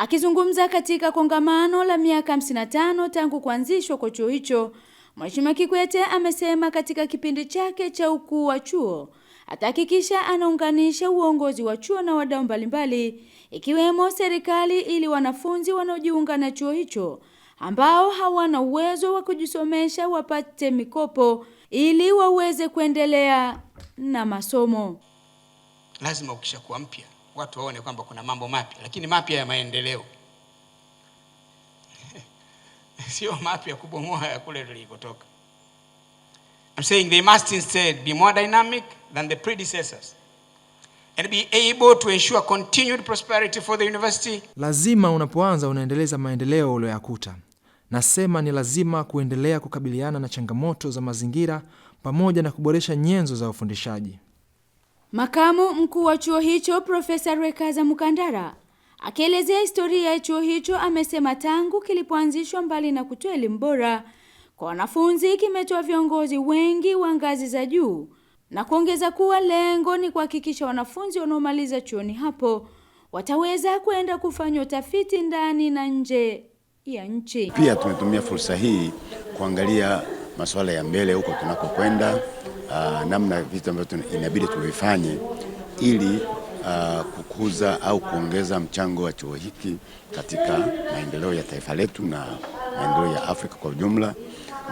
Akizungumza katika kongamano la miaka 55 tangu kuanzishwa kwa chuo hicho, Mheshimiwa Kikwete amesema katika kipindi chake cha ukuu wa chuo atahakikisha anaunganisha uongozi wa chuo na wadau mbalimbali ikiwemo serikali ili wanafunzi wanaojiunga na chuo hicho ambao hawana uwezo wa kujisomesha wapate mikopo ili waweze kuendelea na masomo. Lazima ukishakuwa mpya watu waone kwamba kuna mambo mapya, lakini mapya ya maendeleo sio mapya kubomoa ya kule tulikotoka. I'm saying they must instead be more dynamic than the predecessors and be able to ensure continued prosperity for the university. Lazima unapoanza unaendeleza maendeleo uliyoyakuta. Nasema ni lazima kuendelea kukabiliana na changamoto za mazingira pamoja na kuboresha nyenzo za ufundishaji. Makamu mkuu wa chuo hicho Profesa Rwekaza Mukandara akielezea historia ya chuo hicho amesema tangu kilipoanzishwa, mbali na kutoa elimu bora kwa wanafunzi, kimetoa viongozi wengi wa ngazi za juu na kuongeza kuwa lengo ni kuhakikisha wanafunzi wanaomaliza chuoni hapo wataweza kwenda kufanya utafiti ndani na nje ya nchi. Pia tumetumia fursa hii kuangalia masuala ya mbele huko tunakokwenda uh, namna vitu ambavyo inabidi tuvifanye ili uh, kukuza au kuongeza mchango wa chuo hiki katika maendeleo ya taifa letu na maendeleo ya Afrika kwa ujumla,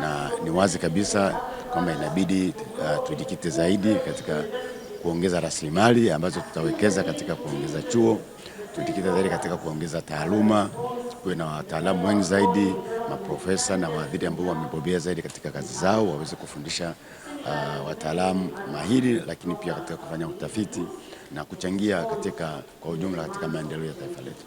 na ni wazi kabisa kwamba inabidi uh, tujikite zaidi katika kuongeza rasilimali ambazo tutawekeza katika kuongeza chuo, tujikite zaidi katika kuongeza taaluma kuwe na wataalamu wengi zaidi, maprofesa na waadhiri ambao wamebobea zaidi katika kazi zao, waweze kufundisha uh, wataalamu mahiri, lakini pia katika kufanya utafiti na kuchangia katika kwa ujumla katika maendeleo ya taifa letu.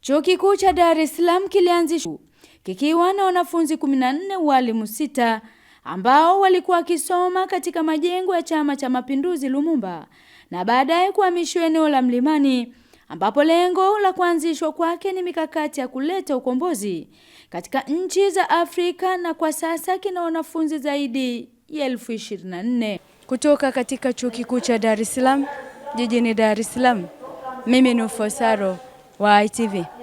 Chuo Kikuu cha Dar es Salaam kilianzishwa kikiwa na wanafunzi 14 walimu sita ambao walikuwa wakisoma katika majengo ya Chama cha Mapinduzi Lumumba na baadaye kuhamishiwa eneo la Mlimani ambapo lengo la kuanzishwa kwake ni mikakati ya kuleta ukombozi katika nchi za Afrika na kwa sasa kina wanafunzi zaidi ya elfu ishirini na nne kutoka katika Chuo Kikuu cha Dar es Salaam jijini Dar es Salaam. Mimi ni Ufosaro wa ITV.